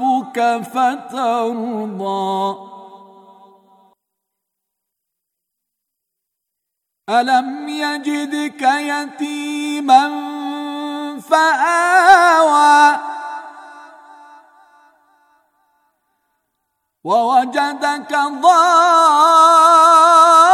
ربك فترضى الم يجدك يتيما فاوى ووجدك ضار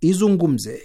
izungumze.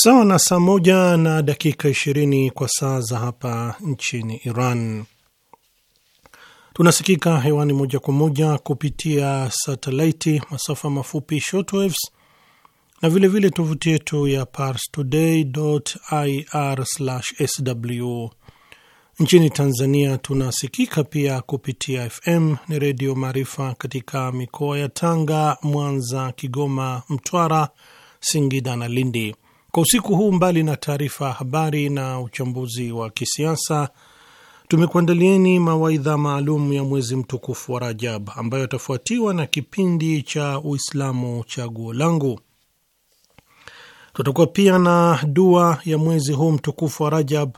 sawa na saa moja na dakika ishirini kwa saa za hapa nchini Iran. Tunasikika hewani moja kwa moja kupitia satelaiti, masafa mafupi shortwaves, na vilevile tovuti yetu ya parstoday.ir/sw. Nchini Tanzania tunasikika pia kupitia FM ni Redio Maarifa katika mikoa ya Tanga, Mwanza, Kigoma, Mtwara, Singida na Lindi. Kwa usiku huu, mbali na taarifa ya habari na uchambuzi wa kisiasa, tumekuandalieni mawaidha maalum ya mwezi mtukufu wa Rajab ambayo yatafuatiwa na kipindi cha Uislamu chaguo langu. Tutakuwa pia na dua ya mwezi huu mtukufu wa Rajab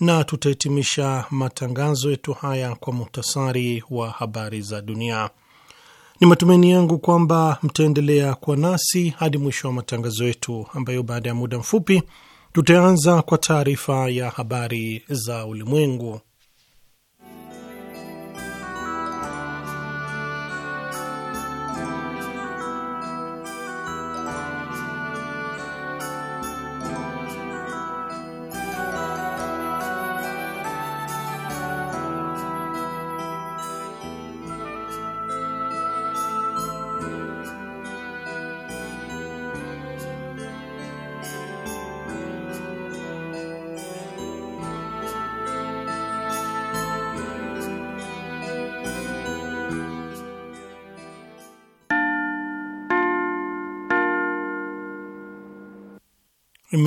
na tutahitimisha matangazo yetu haya kwa muhtasari wa habari za dunia. Ni matumaini yangu kwamba mtaendelea kuwa nasi hadi mwisho wa matangazo yetu, ambayo baada ya muda mfupi tutaanza kwa taarifa ya habari za ulimwengu.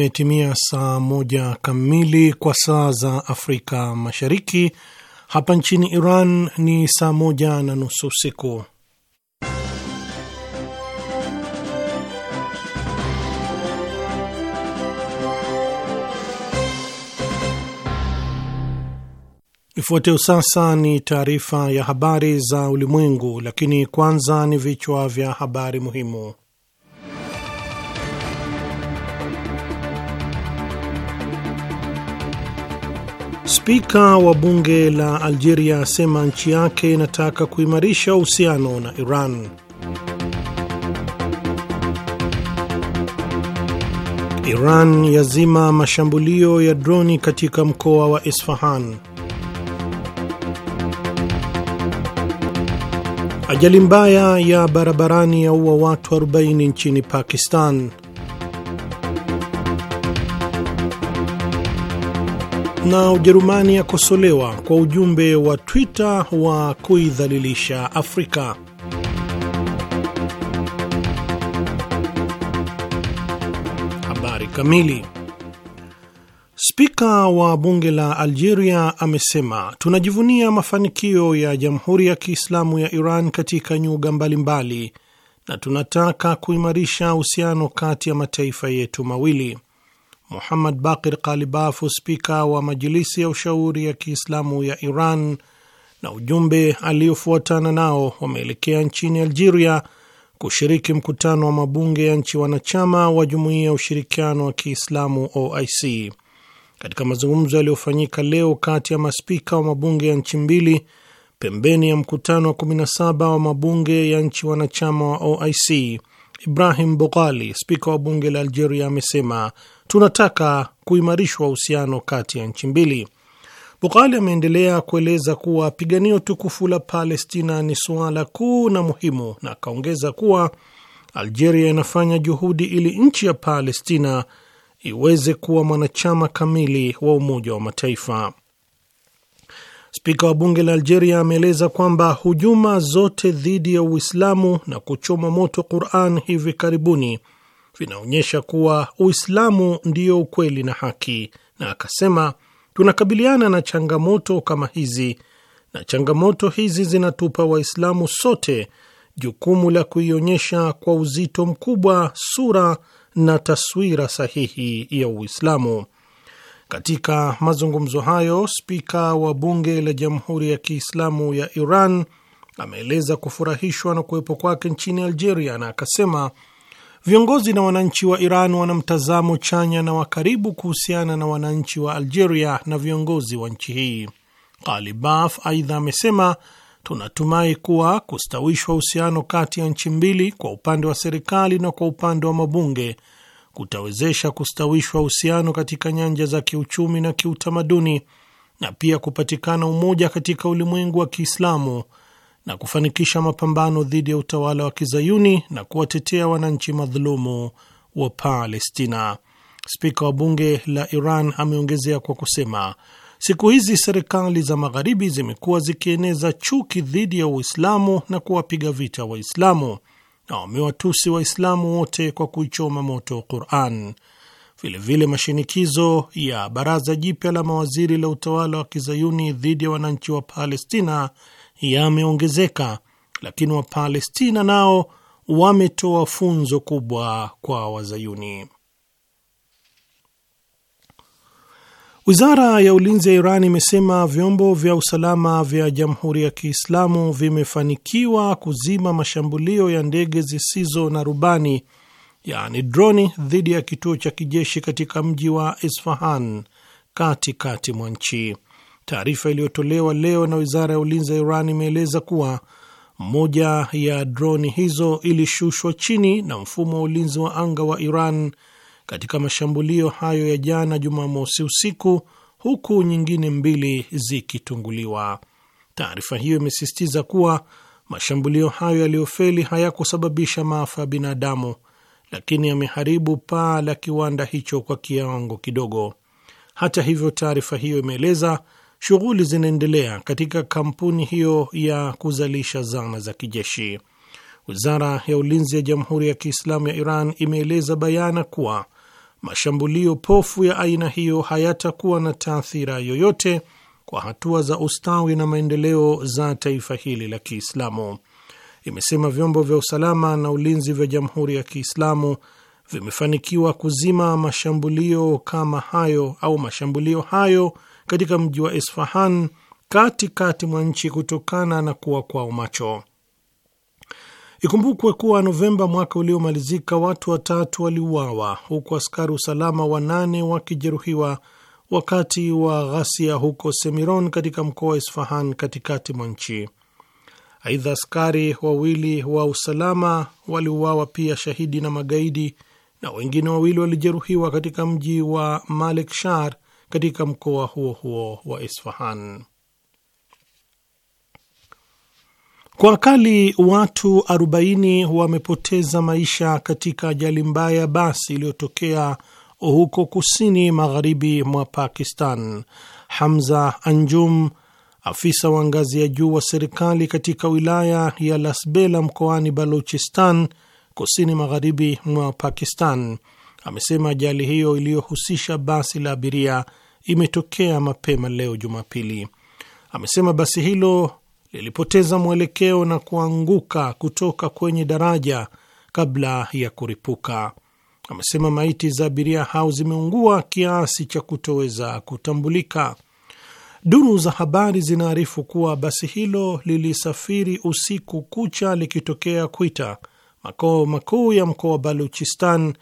Imetimia saa moja kamili kwa saa za Afrika Mashariki. Hapa nchini Iran ni saa moja na nusu usiku. Ifuatayo sasa ni taarifa ya habari za ulimwengu, lakini kwanza ni vichwa vya habari muhimu. Spika wa bunge la Algeria asema nchi yake inataka kuimarisha uhusiano na Iran. Iran yazima mashambulio ya droni katika mkoa wa Isfahan. Ajali mbaya ya barabarani yaua watu 40 nchini Pakistan. na Ujerumani yakosolewa kwa ujumbe wa Twitter wa kuidhalilisha Afrika. Habari kamili. Spika wa bunge la Algeria amesema tunajivunia mafanikio ya Jamhuri ya Kiislamu ya Iran katika nyuga mbalimbali na tunataka kuimarisha uhusiano kati ya mataifa yetu mawili. Muhammad Bakir Kalibafu, spika wa Majilisi ya Ushauri ya Kiislamu ya Iran, na ujumbe aliofuatana nao wameelekea nchini Algeria kushiriki mkutano wa mabunge ya nchi wanachama wa Jumuiya ya Ushirikiano wa Kiislamu OIC. Katika mazungumzo yaliyofanyika leo kati ya maspika wa mabunge ya nchi mbili pembeni ya mkutano wa 17 wa mabunge ya nchi wanachama wa OIC, Ibrahim Boghali, spika wa bunge la Algeria, amesema tunataka kuimarishwa uhusiano kati ya nchi mbili. Bughali ameendelea kueleza kuwa piganio tukufu la Palestina ni suala kuu na muhimu, na akaongeza kuwa Algeria inafanya juhudi ili nchi ya Palestina iweze kuwa mwanachama kamili wa Umoja wa Mataifa. Spika wa bunge la Algeria ameeleza kwamba hujuma zote dhidi ya Uislamu na kuchoma moto Quran hivi karibuni vinaonyesha kuwa Uislamu ndio ukweli na haki, na akasema tunakabiliana na changamoto kama hizi, na changamoto hizi zinatupa Waislamu sote jukumu la kuionyesha kwa uzito mkubwa sura na taswira sahihi ya Uislamu. Katika mazungumzo hayo, spika wa bunge la Jamhuri ya Kiislamu ya Iran ameeleza kufurahishwa na kuwepo kwake nchini Algeria na akasema Viongozi na wananchi wa Iran wana mtazamo chanya na wa karibu kuhusiana na wananchi wa Algeria na viongozi wa nchi hii. Ghalibaf aidha amesema tunatumai kuwa kustawishwa uhusiano kati ya nchi mbili kwa upande wa serikali na kwa upande wa mabunge kutawezesha kustawishwa uhusiano katika nyanja za kiuchumi na kiutamaduni na pia kupatikana umoja katika ulimwengu wa Kiislamu na kufanikisha mapambano dhidi ya utawala wa kizayuni na kuwatetea wananchi madhulumu wa Palestina. Spika wa bunge la Iran ameongezea kwa kusema, siku hizi serikali za magharibi zimekuwa zikieneza chuki dhidi ya Uislamu na kuwapiga vita Waislamu na wamewatusi Waislamu wote kwa kuichoma moto Quran. Vilevile, mashinikizo ya baraza jipya la mawaziri la utawala wa kizayuni dhidi ya wananchi wa Palestina yameongezeka, lakini Wapalestina nao wametoa funzo kubwa kwa Wazayuni. Wizara ya ulinzi ya Iran imesema vyombo vya usalama vya Jamhuri ya Kiislamu vimefanikiwa kuzima mashambulio ya ndege zisizo na rubani, yaani droni, dhidi ya kituo cha kijeshi katika mji wa Isfahan katikati mwa nchi. Taarifa iliyotolewa leo na wizara ya ulinzi ya Iran imeeleza kuwa moja ya droni hizo ilishushwa chini na mfumo wa ulinzi wa anga wa Iran katika mashambulio hayo ya jana Jumamosi usiku, huku nyingine mbili zikitunguliwa. Taarifa hiyo imesisitiza kuwa mashambulio hayo yaliyofeli hayakusababisha maafa ya binadamu, lakini yameharibu paa la kiwanda hicho kwa kiwango kidogo. Hata hivyo, taarifa hiyo imeeleza shughuli zinaendelea katika kampuni hiyo ya kuzalisha zana za kijeshi. Wizara ya ulinzi ya Jamhuri ya Kiislamu ya Iran imeeleza bayana kuwa mashambulio pofu ya aina hiyo hayatakuwa na taathira yoyote kwa hatua za ustawi na maendeleo za taifa hili la Kiislamu. Imesema vyombo vya usalama na ulinzi vya Jamhuri ya Kiislamu vimefanikiwa kuzima mashambulio kama hayo au mashambulio hayo katika mji wa Isfahan katikati mwa nchi kutokana na kuwa kwao macho. Ikumbukwe kuwa Novemba mwaka uliomalizika watu watatu waliuawa huku askari usalama wanane wakijeruhiwa wakati wa ghasia huko Semiron katika mkoa wa Isfahan katikati mwa nchi. Aidha, askari wawili wa usalama waliuawa pia shahidi na magaidi na wengine wawili walijeruhiwa katika mji wa Malekshar katika mkoa huo huo wa Isfahan. Kwa akali watu 40 wamepoteza maisha katika ajali mbaya ya basi iliyotokea huko kusini magharibi mwa Pakistan. Hamza Anjum, afisa wa ngazi ya juu wa serikali katika wilaya ya Lasbela mkoani Baluchistan, kusini magharibi mwa Pakistan, amesema ajali hiyo iliyohusisha basi la abiria imetokea mapema leo Jumapili. Amesema basi hilo lilipoteza mwelekeo na kuanguka kutoka kwenye daraja kabla ya kuripuka. Amesema maiti za abiria hao zimeungua kiasi cha kutoweza kutambulika. Duru za habari zinaarifu kuwa basi hilo lilisafiri usiku kucha likitokea Kwita, makao makuu ya mkoa wa Baluchistan,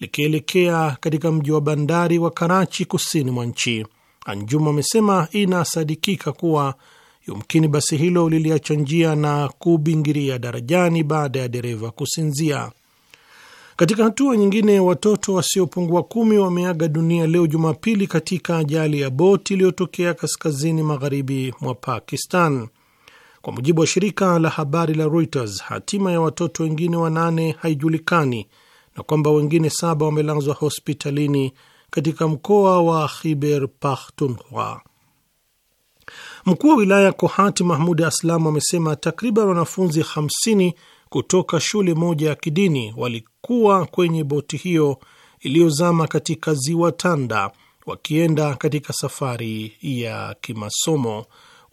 likielekea katika mji wa bandari wa Karachi, kusini mwa nchi. Anjuma amesema inasadikika kuwa yumkini basi hilo liliacha njia na kubingiria darajani baada ya dereva kusinzia. Katika hatua nyingine, watoto wasiopungua kumi wameaga dunia leo Jumapili katika ajali ya boti iliyotokea kaskazini magharibi mwa Pakistan. Kwa mujibu wa shirika la habari la Reuters, hatima ya watoto wengine wanane haijulikani na kwamba wengine saba wamelazwa hospitalini katika mkoa wa Khyber Pakhtunkhwa. Mkuu wa wilaya Kohati Mahmud Aslamu amesema takriban wanafunzi 50 kutoka shule moja ya kidini walikuwa kwenye boti hiyo iliyozama katika ziwa Tanda wakienda katika safari ya kimasomo.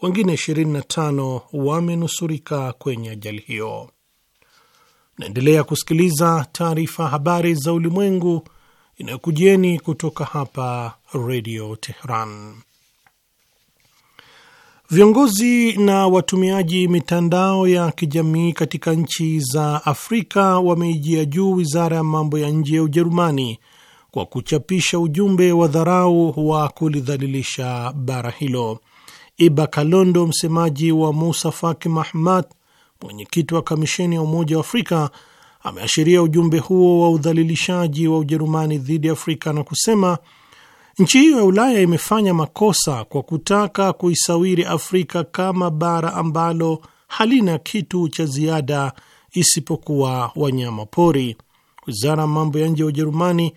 Wengine 25 wamenusurika kwenye ajali hiyo. Naendelea kusikiliza taarifa habari za ulimwengu inayokujieni kutoka hapa Redio Tehran. Viongozi na watumiaji mitandao ya kijamii katika nchi za Afrika wameijia juu wizara ya mambo ya nje ya Ujerumani kwa kuchapisha ujumbe wa dharau wa kulidhalilisha bara hilo. Iba Kalondo, msemaji wa Musa Faki Mahamat mwenyekiti wa kamisheni ya Umoja wa Afrika ameashiria ujumbe huo wa udhalilishaji wa Ujerumani dhidi ya Afrika na kusema nchi hiyo ya Ulaya imefanya makosa kwa kutaka kuisawiri Afrika kama bara ambalo halina kitu cha ziada isipokuwa wanyama pori. Wizara ya mambo ya nje ya Ujerumani,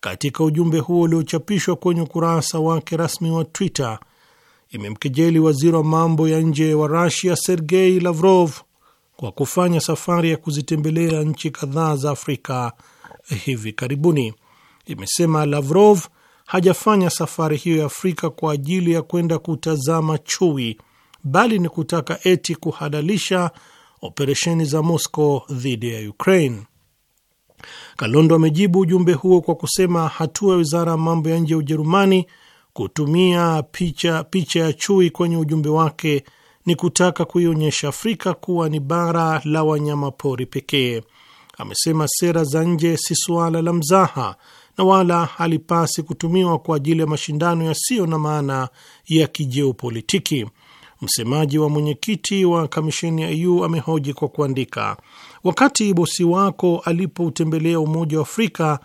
katika ujumbe huo uliochapishwa kwenye ukurasa wake rasmi wa Twitter, imemkejeli waziri wa mambo ya nje wa Rusia Sergei Lavrov kwa kufanya safari ya kuzitembelea nchi kadhaa za Afrika hivi karibuni. Imesema Lavrov hajafanya safari hiyo ya Afrika kwa ajili ya kwenda kutazama chui, bali ni kutaka eti kuhalalisha operesheni za Moscow dhidi ya Ukraine. Kalondo amejibu ujumbe huo kwa kusema hatua ya wizara ya mambo ya nje ya Ujerumani kutumia picha picha ya chui kwenye ujumbe wake ni kutaka kuionyesha Afrika kuwa ni bara la wanyama pori pekee. Amesema sera za nje si suala la mzaha na wala halipasi kutumiwa kwa ajili ya mashindano yasiyo na maana ya kijeopolitiki Msemaji wa mwenyekiti wa kamisheni ya EU amehoji kwa kuandika, wakati bosi wako alipoutembelea Umoja wa Afrika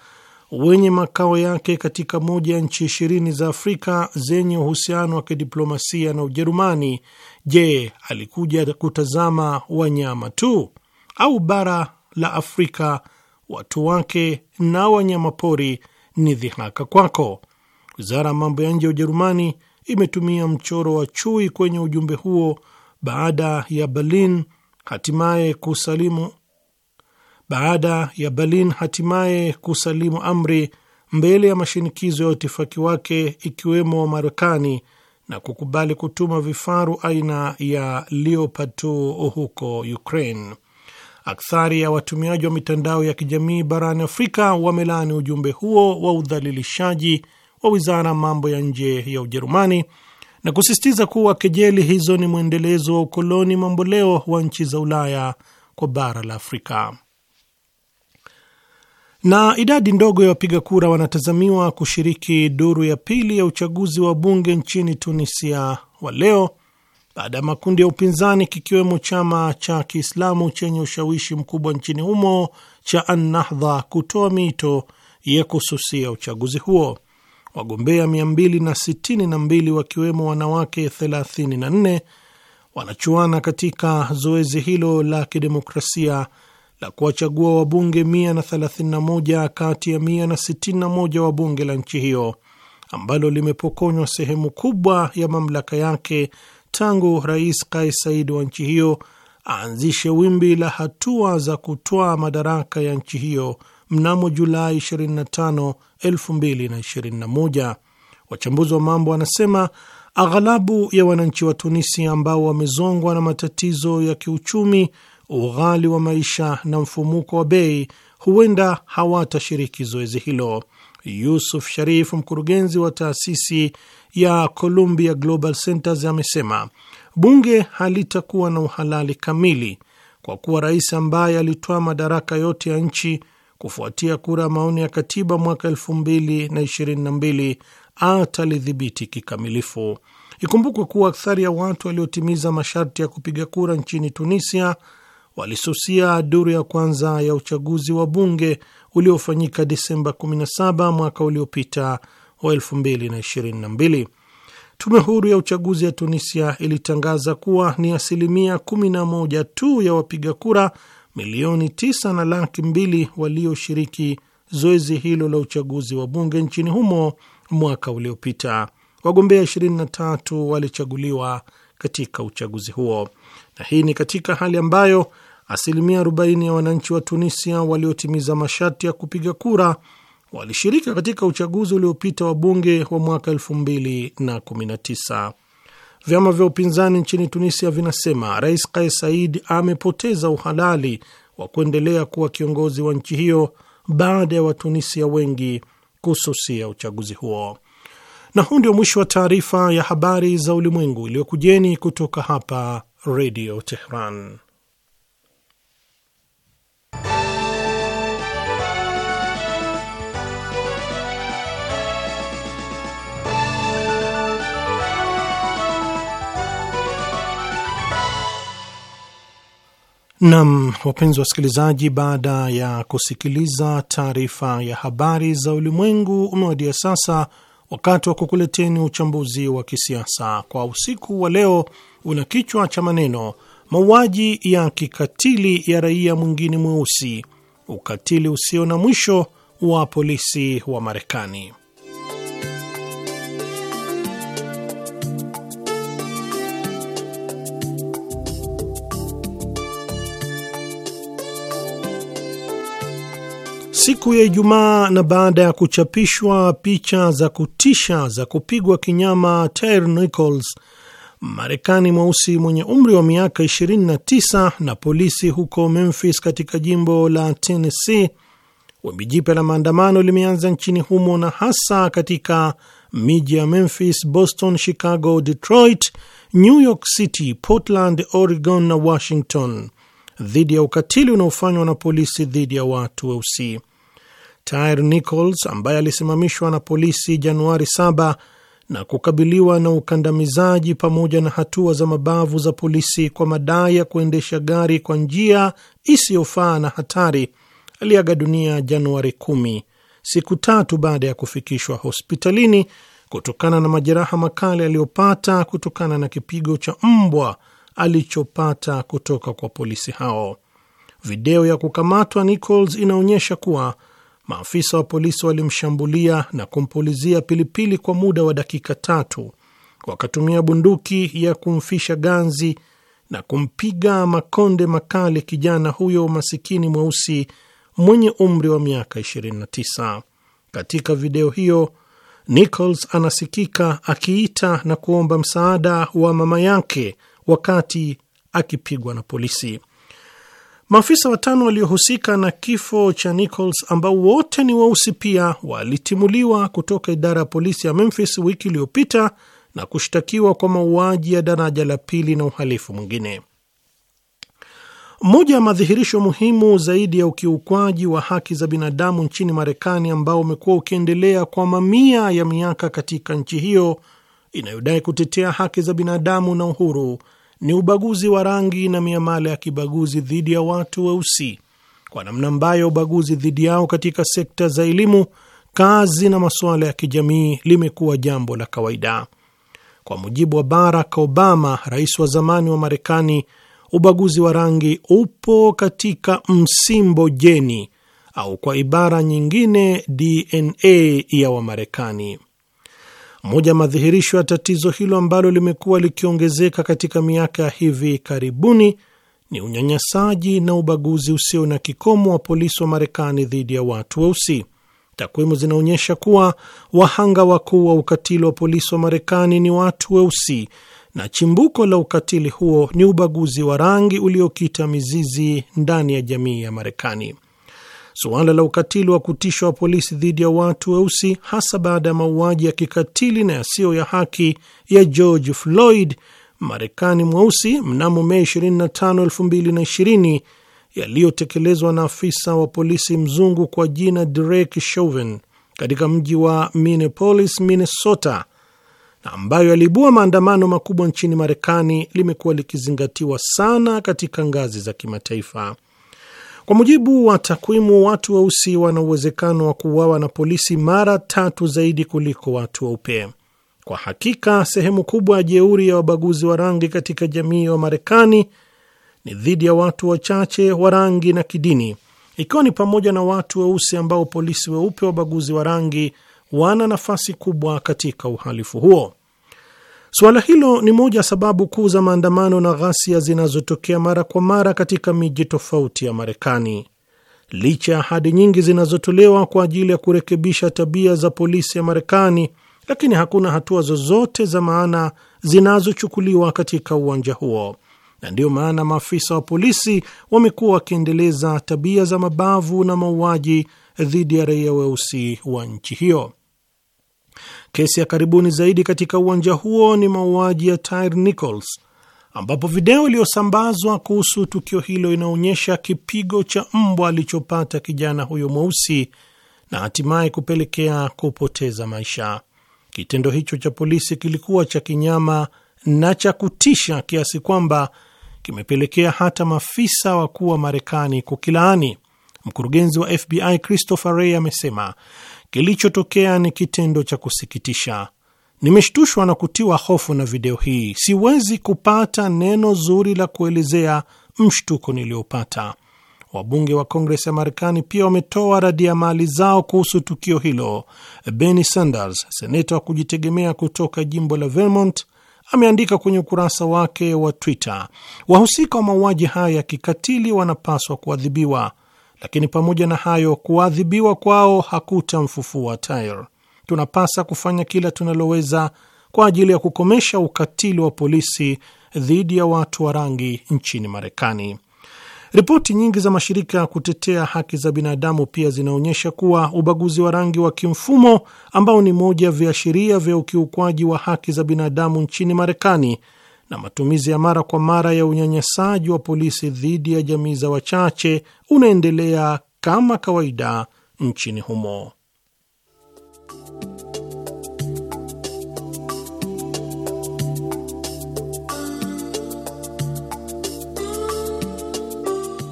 wenye makao yake katika moja ya nchi ishirini za Afrika zenye uhusiano wa kidiplomasia na Ujerumani, Je, alikuja kutazama wanyama tu au bara la Afrika watu wake na wanyama pori ni dhihaka kwako? Wizara ya mambo ya nje ya Ujerumani imetumia mchoro wa chui kwenye ujumbe huo baada ya Berlin hatimaye kusalimu baada ya Berlin hatimaye kusalimu amri mbele ya mashinikizo ya utifaki wake ikiwemo wa Marekani na kukubali kutuma vifaru aina ya Leopard 2 huko Ukraine. Akthari ya watumiaji wa mitandao ya kijamii barani Afrika wamelaani ujumbe huo wa udhalilishaji wa wizara mambo ya nje ya Ujerumani na kusisitiza kuwa kejeli hizo ni mwendelezo wa ukoloni mamboleo wa nchi za Ulaya kwa bara la Afrika. Na idadi ndogo ya wapiga kura wanatazamiwa kushiriki duru ya pili ya uchaguzi wa bunge nchini Tunisia wa leo baada ya makundi ya upinzani kikiwemo chama cha Kiislamu chenye ushawishi mkubwa nchini humo cha Annahdha kutoa miito ya kususia uchaguzi huo. Wagombea 262 wakiwemo wanawake 34 wanachuana katika zoezi hilo la kidemokrasia la kuwachagua wabunge 131 kati ya 161 wa bunge la nchi hiyo ambalo limepokonywa sehemu kubwa ya mamlaka yake tangu Rais Kais Saied wa nchi hiyo aanzishe wimbi la hatua za kutoa madaraka ya nchi hiyo mnamo Julai 25, 2021. Wachambuzi wa mambo wanasema aghalabu ya wananchi wa Tunisia ambao wamezongwa na matatizo ya kiuchumi ughali wa maisha na mfumuko wa bei, huenda hawatashiriki zoezi hilo. Yusuf Sharif, mkurugenzi wa taasisi ya Columbia Global Centers, amesema bunge halitakuwa na uhalali kamili kwa kuwa rais ambaye alitoa madaraka yote ya nchi kufuatia kura ya maoni ya katiba mwaka 222 atalidhibiti kikamilifu. Ikumbukwe kuwa akthari ya watu waliotimiza masharti ya kupiga kura nchini Tunisia walisusia duru ya kwanza ya uchaguzi wa bunge uliofanyika Disemba 17 mwaka uliopita wa 2022. Tume huru ya uchaguzi ya Tunisia ilitangaza kuwa ni asilimia 11 tu ya wapiga kura milioni 9 na laki mbili walioshiriki zoezi hilo la uchaguzi wa bunge nchini humo mwaka uliopita. Wagombea 23 walichaguliwa katika uchaguzi huo na hii ni katika hali ambayo asilimia 40 ya wananchi wa Tunisia waliotimiza masharti ya kupiga kura walishirika katika uchaguzi uliopita wa bunge wa mwaka 2019. Vyama vya upinzani nchini Tunisia vinasema Rais Kais Saied amepoteza uhalali wa kuendelea kuwa kiongozi wa nchi hiyo baada ya Watunisia wengi kususia uchaguzi huo. Na huu ndio mwisho wa taarifa ya habari za ulimwengu iliyokujeni kutoka hapa Redio Tehran. Nam, wapenzi wasikilizaji, baada ya kusikiliza taarifa ya habari za ulimwengu, umewadia sasa wakati wa kukuleteni uchambuzi wa kisiasa kwa usiku wa leo una kichwa cha maneno mauaji ya kikatili ya raia mwingine mweusi, ukatili usio na mwisho wa polisi wa Marekani. Siku ya Ijumaa na baada ya kuchapishwa picha za kutisha za kupigwa kinyama Tyre Nichols Marekani mweusi mwenye umri wa miaka 29 na polisi huko Memphis katika jimbo la Tennessee. Wimbi jipya la maandamano limeanza nchini humo na hasa katika miji ya Memphis, Boston, Chicago, Detroit, New York City, Portland, Oregon na Washington dhidi ya ukatili unaofanywa na polisi dhidi ya watu weusi. Tyre Nichols ambaye alisimamishwa na polisi Januari 7 na kukabiliwa na ukandamizaji pamoja na hatua za mabavu za polisi kwa madai ya kuendesha gari kwa njia isiyofaa na hatari, aliaga dunia Januari 10 siku tatu baada ya kufikishwa hospitalini kutokana na majeraha makali aliyopata kutokana na kipigo cha mbwa alichopata kutoka kwa polisi hao. Video ya kukamatwa Nichols inaonyesha kuwa maafisa wa polisi walimshambulia na kumpulizia pilipili kwa muda wa dakika tatu, wakatumia bunduki ya kumfisha ganzi na kumpiga makonde makali kijana huyo masikini mweusi mwenye umri wa miaka 29. Katika video hiyo Nichols anasikika akiita na kuomba msaada wa mama yake wakati akipigwa na polisi. Maafisa watano waliohusika na kifo cha Nichols, ambao wote ni weusi pia, walitimuliwa kutoka idara ya polisi ya Memphis wiki iliyopita na kushtakiwa kwa mauaji ya daraja la pili na uhalifu mwingine. Moja ya madhihirisho muhimu zaidi ya ukiukwaji wa haki za binadamu nchini Marekani ambao umekuwa ukiendelea kwa mamia ya miaka katika nchi hiyo inayodai kutetea haki za binadamu na uhuru ni ubaguzi wa rangi na miamala ya kibaguzi dhidi ya watu weusi, kwa namna ambayo ubaguzi dhidi yao katika sekta za elimu, kazi na masuala ya kijamii limekuwa jambo la kawaida. Kwa mujibu wa Barack Obama, rais wa zamani wa Marekani, ubaguzi wa rangi upo katika msimbo jeni au kwa ibara nyingine DNA ya Wamarekani. Moja madhihirisho ya tatizo hilo ambalo limekuwa likiongezeka katika miaka ya hivi karibuni ni unyanyasaji na ubaguzi usio na kikomo wa polisi wa Marekani dhidi ya watu weusi. Takwimu zinaonyesha kuwa wahanga wakuu wa ukatili wa polisi wa Marekani ni watu weusi, na chimbuko la ukatili huo ni ubaguzi wa rangi uliokita mizizi ndani ya jamii ya Marekani. Suala la ukatili wa kutishwa wa polisi dhidi ya watu weusi, hasa baada ya mauaji ya kikatili na yasiyo ya haki ya George Floyd Marekani mweusi mnamo Mei 25, 2020 yaliyotekelezwa na afisa wa polisi mzungu kwa jina Derek Chauvin katika mji wa Minneapolis, Minnesota na ambayo yaliibua maandamano makubwa nchini Marekani limekuwa likizingatiwa sana katika ngazi za kimataifa. Kwa mujibu wa takwimu, watu weusi wana uwezekano wa kuuawa na polisi mara tatu zaidi kuliko watu weupe. Kwa hakika, sehemu kubwa ya jeuri ya wabaguzi wa rangi katika jamii ya Marekani ni dhidi ya watu wachache wa rangi na kidini, ikiwa ni pamoja na watu weusi ambao polisi weupe wabaguzi wa rangi wana nafasi kubwa katika uhalifu huo. Suala hilo ni moja sababu kuu za maandamano na ghasia zinazotokea mara kwa mara katika miji tofauti ya Marekani. Licha ya ahadi nyingi zinazotolewa kwa ajili ya kurekebisha tabia za polisi ya Marekani, lakini hakuna hatua zozote za maana zinazochukuliwa katika uwanja huo, na ndiyo maana maafisa wa polisi wamekuwa wakiendeleza tabia za mabavu na mauaji dhidi ya raia weusi wa nchi hiyo. Kesi ya karibuni zaidi katika uwanja huo ni mauaji ya Tyre Nichols, ambapo video iliyosambazwa kuhusu tukio hilo inaonyesha kipigo cha mbwa alichopata kijana huyo mweusi na hatimaye kupelekea kupoteza maisha. Kitendo hicho cha polisi kilikuwa cha kinyama na cha kutisha kiasi kwamba kimepelekea hata maafisa wakuu wa Marekani kukilaani. Mkurugenzi wa FBI Christopher Wray amesema Kilichotokea ni kitendo cha kusikitisha. Nimeshtushwa na kutiwa hofu na video hii. Siwezi kupata neno zuri la kuelezea mshtuko niliyopata. Wabunge wa Kongres ya Marekani pia wametoa radi ya mali zao kuhusu tukio hilo. Bernie Sanders, seneta wa kujitegemea kutoka jimbo la Vermont, ameandika kwenye ukurasa wake wa Twitter, wahusika wa mauaji haya ya kikatili wanapaswa kuadhibiwa lakini pamoja na hayo kuadhibiwa kwao hakutamfufua tyr Tunapasa kufanya kila tunaloweza kwa ajili ya kukomesha ukatili wa polisi dhidi ya watu wa rangi nchini Marekani. Ripoti nyingi za mashirika ya kutetea haki za binadamu pia zinaonyesha kuwa ubaguzi wa rangi wa kimfumo ambao ni moja ya viashiria vya ukiukwaji wa haki za binadamu nchini Marekani na matumizi ya mara kwa mara ya unyanyasaji wa polisi dhidi ya jamii za wachache unaendelea kama kawaida nchini humo.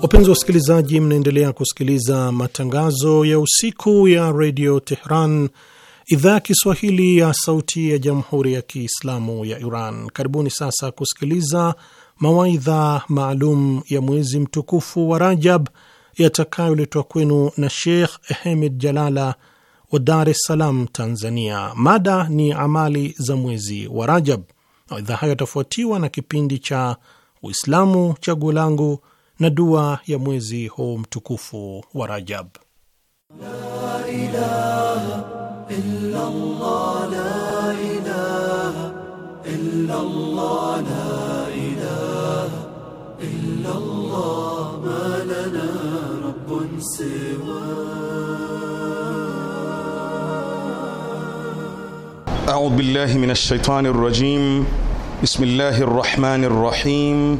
Wapenzi wa wasikilizaji, mnaendelea kusikiliza matangazo ya usiku ya redio Tehran, idhaa ya Kiswahili ya Sauti ya Jamhuri ya Kiislamu ya Iran. Karibuni sasa kusikiliza mawaidha maalum ya mwezi mtukufu wa Rajab yatakayoletwa kwenu na Sheikh Ahmed Jalala wa Dar es Salaam, Tanzania. Mada ni amali za mwezi wa Rajab. Mawaidha hayo yatafuatiwa na kipindi cha Uislamu chaguo langu na dua ya mwezi huu mtukufu wa Rajab. La ilaha إلا الله لا إله إلا الله لا إله إلا الله ما لنا رب سواه أعوذ بالله من الشيطان الرجيم بسم الله الرحمن الرحيم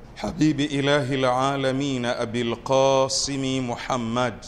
حبيب إله العالمين أبي القاسم محمد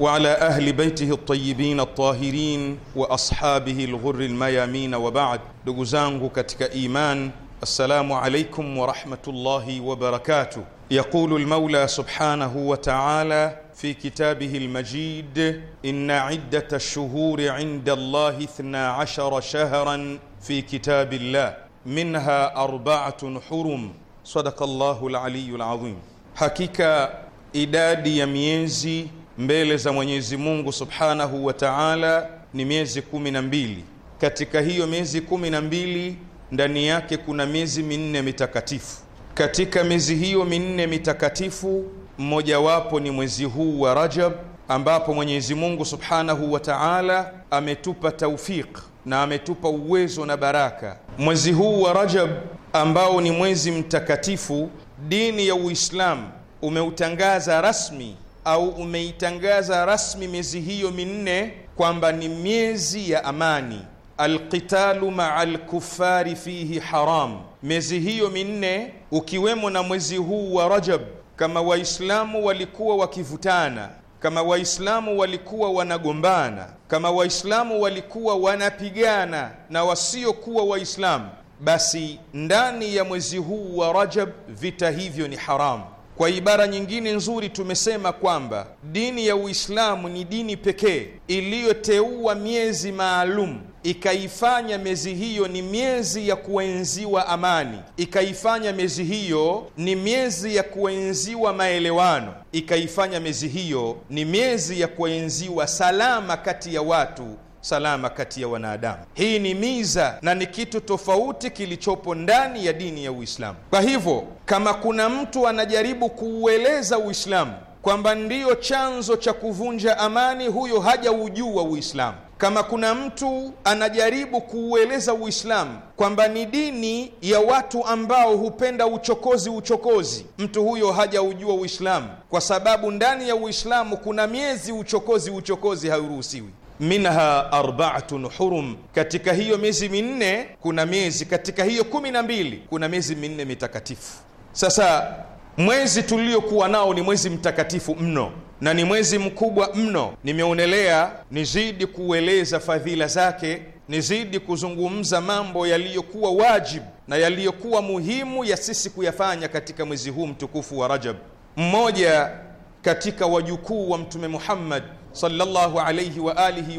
وعلى أهل بيته الطيبين الطاهرين وأصحابه الغر الميامين وبعد دقزانه كتك إيمان السلام عليكم ورحمة الله وبركاته يقول المولى سبحانه وتعالى fi كتابه المجيد إن عدة الشهور عند الله اثنا عشر شهرا في كتاب الله منها أربعة حرم صدق الله العلي العظيم حقيقة idadi ya miezi mbele za mwenyezi mungu subhanahu wa taala ni miezi kumi na mbili katika hiyo miezi kumi na mbili ndani yake kuna miezi minne mitakatifu katika miezi hiyo minne mitakatifu mmojawapo ni mwezi huu wa Rajab ambapo Mwenyezi Mungu Subhanahu wa Ta'ala ametupa taufiq na ametupa uwezo na baraka. Mwezi huu wa Rajab ambao ni mwezi mtakatifu, dini ya Uislamu umeutangaza rasmi au umeitangaza rasmi miezi hiyo minne kwamba ni miezi ya amani. Alqitalu maa alkufari fihi haram. Miezi hiyo minne ukiwemo na mwezi huu wa Rajab kama Waislamu walikuwa wakivutana, kama Waislamu walikuwa wanagombana, kama Waislamu walikuwa wanapigana na wasiokuwa Waislamu, basi ndani ya mwezi huu wa Rajab vita hivyo ni haramu. Kwa ibara nyingine nzuri, tumesema kwamba dini ya Uislamu ni dini pekee iliyoteua miezi maalum ikaifanya miezi hiyo ni miezi ya kuenziwa amani, ikaifanya miezi hiyo ni miezi ya kuenziwa maelewano, ikaifanya miezi hiyo ni miezi ya kuenziwa salama kati ya watu salama kati ya wanadamu. Hii ni miza na ni kitu tofauti kilichopo ndani ya dini ya Uislamu. Kwa hivyo, kama kuna mtu anajaribu kuueleza Uislamu kwamba ndiyo chanzo cha kuvunja amani, huyo hajaujua Uislamu. Kama kuna mtu anajaribu kuueleza Uislamu kwamba ni dini ya watu ambao hupenda uchokozi uchokozi, mtu huyo hajaujua Uislamu, kwa sababu ndani ya Uislamu kuna miezi uchokozi uchokozi hauruhusiwi. Minha arbaatun hurum, katika hiyo miezi minne kuna miezi, katika hiyo kumi na mbili kuna miezi minne mitakatifu. Sasa Mwezi tuliokuwa nao ni mwezi mtakatifu mno na ni mwezi mkubwa mno. Nimeonelea nizidi kueleza fadhila zake, nizidi kuzungumza mambo yaliyokuwa wajibu na yaliyokuwa muhimu ya sisi kuyafanya katika mwezi huu mtukufu wa Rajab. Mmoja katika wajukuu wa Mtume Muhammad sallallahu alayhi wa alihi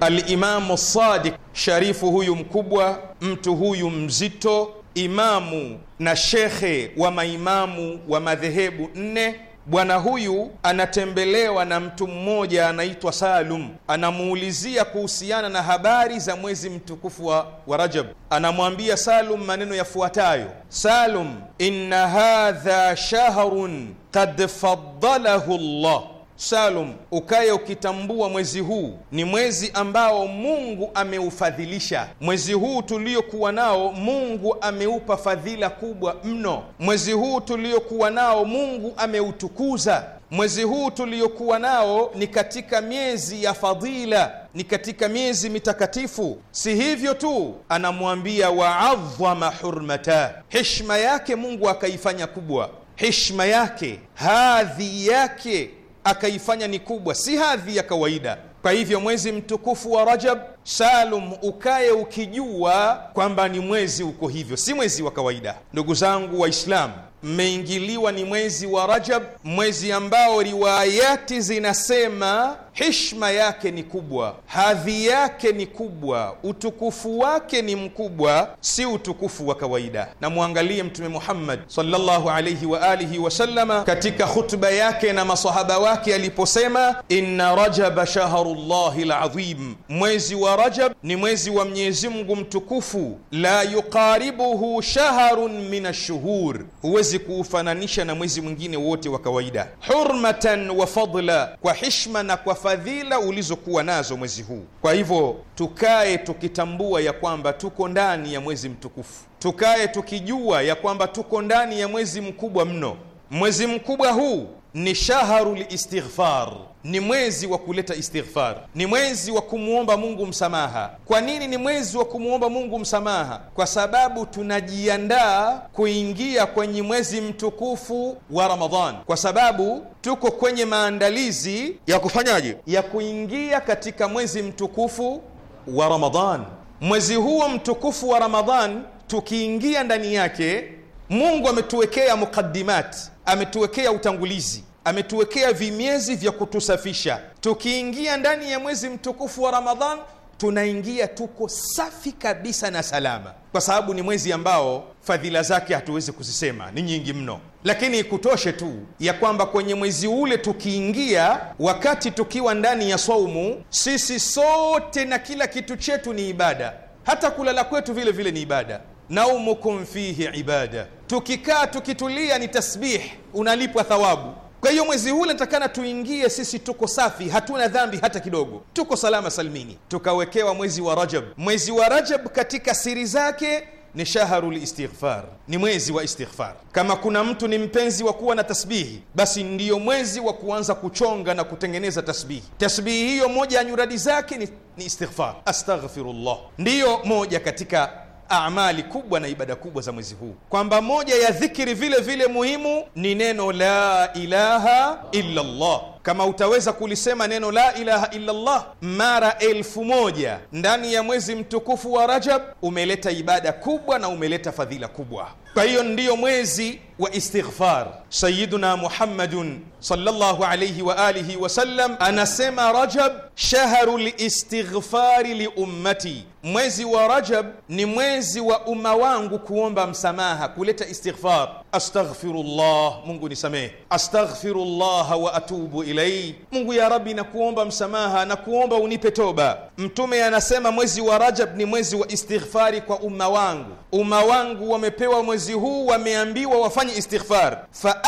Alimamu Sadiq Sharifu, huyu mkubwa, mtu huyu mzito imamu na shekhe wa maimamu wa madhehebu nne. Bwana huyu anatembelewa na mtu mmoja anaitwa Salum, anamuulizia kuhusiana na habari za mwezi mtukufu wa, wa Rajab. Anamwambia Salum maneno yafuatayo: Salum, inna hadha shahrun kad faddalahu Allah Salum, ukaye ukitambua mwezi huu ni mwezi ambao Mungu ameufadhilisha. Mwezi huu tuliokuwa nao Mungu ameupa fadhila kubwa mno. Mwezi huu tuliokuwa nao Mungu ameutukuza. Mwezi huu tuliokuwa nao ni katika miezi ya fadhila, ni katika miezi mitakatifu. Si hivyo tu, anamwambia waadhama hurmata, heshima yake Mungu akaifanya kubwa, heshima yake, hadhi yake akaifanya ni kubwa, si hadhi ya kawaida. Kwa hivyo mwezi mtukufu wa Rajab, salum ukaye ukijua kwamba ni mwezi uko hivyo, si mwezi wa kawaida. Ndugu zangu Waislamu, mmeingiliwa ni mwezi wa Rajab, mwezi ambao riwayati zinasema hishma yake ni kubwa, hadhi yake ni kubwa, utukufu wake ni mkubwa, si utukufu wa kawaida. Na mwangalie Mtume Muhammad sallallahu alayhi wa alihi wasallama katika khutba yake na masahaba wake aliposema, inna rajaba shahru llahi ladhim, mwezi wa Rajab ni mwezi wa Mwenyezi Mungu mtukufu. La yuqaribuhu shahrun min ashuhur, huwezi kuufananisha na mwezi mwingine wote wa kawaida. Hurmatan wa fadla, kwa hishma na kwa fadhila ulizokuwa nazo mwezi huu. Kwa hivyo tukae tukitambua ya kwamba tuko ndani ya mwezi mtukufu, tukae tukijua ya kwamba tuko ndani ya mwezi mkubwa mno, mwezi mkubwa huu ni shaharu listighfar, ni mwezi wa kuleta istighfar, ni mwezi wa kumwomba Mungu msamaha. Kwa nini ni mwezi wa kumwomba Mungu msamaha? Kwa sababu tunajiandaa kuingia kwenye mwezi mtukufu wa Ramadhan, kwa sababu tuko kwenye maandalizi ya kufanyaje, ya kuingia katika mwezi mtukufu wa Ramadhan. Mwezi huo mtukufu wa Ramadhan tukiingia ndani yake Mungu ametuwekea mukaddimat, ametuwekea utangulizi, ametuwekea vimiezi vya kutusafisha. Tukiingia ndani ya mwezi mtukufu wa Ramadhan, tunaingia tuko safi kabisa na salama, kwa sababu ni mwezi ambao fadhila zake hatuwezi kuzisema, ni nyingi mno, lakini ikutoshe tu ya kwamba kwenye mwezi ule tukiingia, wakati tukiwa ndani ya saumu, sisi sote na kila kitu chetu ni ibada, hata kulala kwetu vile vile ni ibada naumukum fihi ibada, tukikaa tukitulia ni tasbih, unalipwa thawabu. Kwa hiyo mwezi ule natakana tuingie sisi tuko safi, hatuna dhambi hata kidogo, tuko salama salmini. Tukawekewa mwezi wa Rajab. Mwezi wa Rajab katika siri zake ni shaharul listighfar, ni mwezi wa istighfar. Kama kuna mtu ni mpenzi wa kuwa na tasbihi, basi ndiyo mwezi wa kuanza kuchonga na kutengeneza tasbihi. Tasbihi hiyo moja ya nyuradi zake ni, ni istighfar, astaghfirullah, ndiyo moja katika amali kubwa na ibada kubwa za mwezi huu, kwamba moja ya dhikiri vile vile muhimu ni neno la ilaha illa llah kama utaweza kulisema neno la ilaha illa mara elfu moja ndani ya mwezi mtukufu wa Rajab, umeleta ibada kubwa na umeleta fadhila kubwa. Kwa hiyo ndiyo mwezi wa istighfar. Sayyiduna Muhammadun sallallahu alayhi wa alihi wasallam anasema, Rajab shahru listighfari liummati, mwezi wa Rajab ni mwezi wa umma wangu kuomba msamaha, kuleta istighfar astaghfirullah, Mungu nisamehe, astaghfirullah wa atubu ilai, Mungu ya Rabbi nakuomba msamaha na kuomba unipe toba. Mtume anasema mwezi wa Rajab ni mwezi wa istighfari kwa umma wangu. Umma wangu wamepewa mwezi huu, wameambiwa wafanye istighfar, fa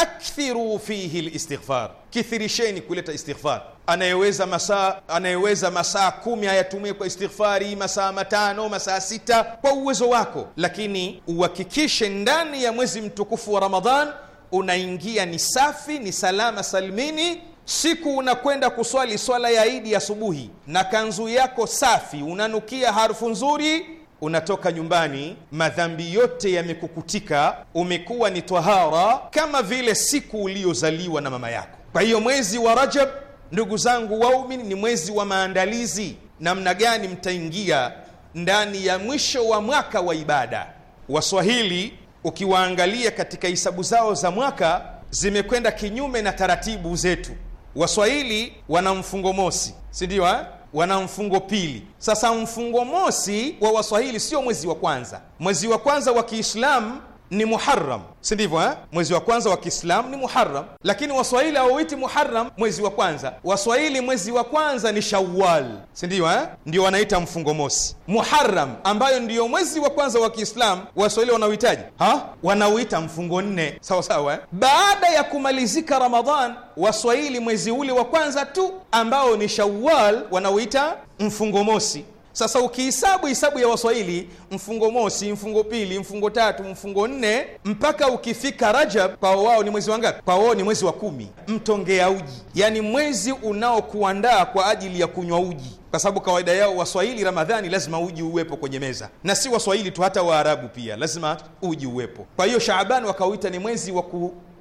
fihi listighfar, kithirisheni kuleta istighfar anayeweza masaa anayeweza masaa kumi ayatumie kwa istighfari, masaa matano, masaa sita, kwa uwezo wako, lakini uhakikishe ndani ya mwezi mtukufu wa Ramadhan unaingia ni safi, ni salama salimini. Siku unakwenda kuswali swala ya Idi asubuhi na kanzu yako safi, unanukia harufu nzuri, unatoka nyumbani, madhambi yote yamekukutika, umekuwa ni twahara kama vile siku uliyozaliwa na mama yako. Kwa hiyo mwezi wa Rajab ndugu zangu waumini, ni mwezi wa maandalizi, namna gani mtaingia ndani ya mwisho wa mwaka wa ibada. Waswahili ukiwaangalia katika hisabu zao za mwaka zimekwenda kinyume na taratibu zetu. Waswahili wana mfungo mosi, si ndio? Eh? Wana mfungo pili. Sasa mfungo mosi wa Waswahili sio mwezi wa kwanza. Mwezi wa kwanza wa Kiislamu ni Muharram, si ndivyo eh? Mwezi wa kwanza wa Kiislamu ni Muharram, lakini Waswahili hawauiti Muharram mwezi wa kwanza. Waswahili mwezi wa kwanza ni Shawwal, si ndivyo eh? Ndio wanaita mfungo mosi. Muharram ambayo ndiyo mwezi wa kwanza wa Kiislamu, Waswahili wanauitaji ha, wanauita mfungo nne, sawa sawa eh? Baada ya kumalizika Ramadhan, Waswahili mwezi ule wa kwanza tu ambao ni Shawwal wanauita mfungo mosi sasa ukihesabu hisabu ya waswahili mfungo mosi mfungo pili mfungo tatu mfungo nne mpaka ukifika rajab pao wao ni mwezi wa ngapi pao wao ni mwezi wa kumi mtongea uji yaani mwezi unaokuandaa kwa ajili ya kunywa uji kwa sababu kawaida yao waswahili ramadhani lazima uji uwepo kwenye meza na si waswahili tu hata waarabu pia lazima uji uwepo kwa hiyo shaaban wakauita ni mwezi wa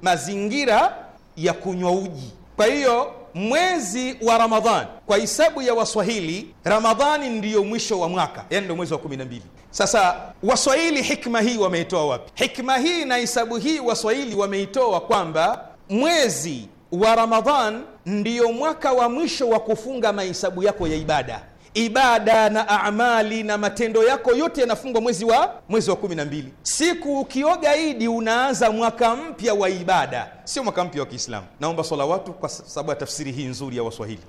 mazingira ya kunywa uji kwa hiyo mwezi wa Ramadhani kwa hisabu ya Waswahili, Ramadhani ndiyo mwisho wa mwaka, yani ndio mwezi wa kumi na mbili. Sasa Waswahili hikma hii wameitoa wapi? Hikma hii na hisabu hii Waswahili wameitoa kwamba mwezi wa Ramadhan ndiyo mwaka wa mwisho wa kufunga mahesabu yako ya ibada ibada na amali na matendo yako yote yanafungwa mwezi wa mwezi wa kumi na mbili. Siku ukioga Idi unaanza mwaka mpya wa ibada, sio mwaka mpya wa Kiislamu. Naomba watu kwa sababu ya tafsiri hii nzuri ya Waswahili.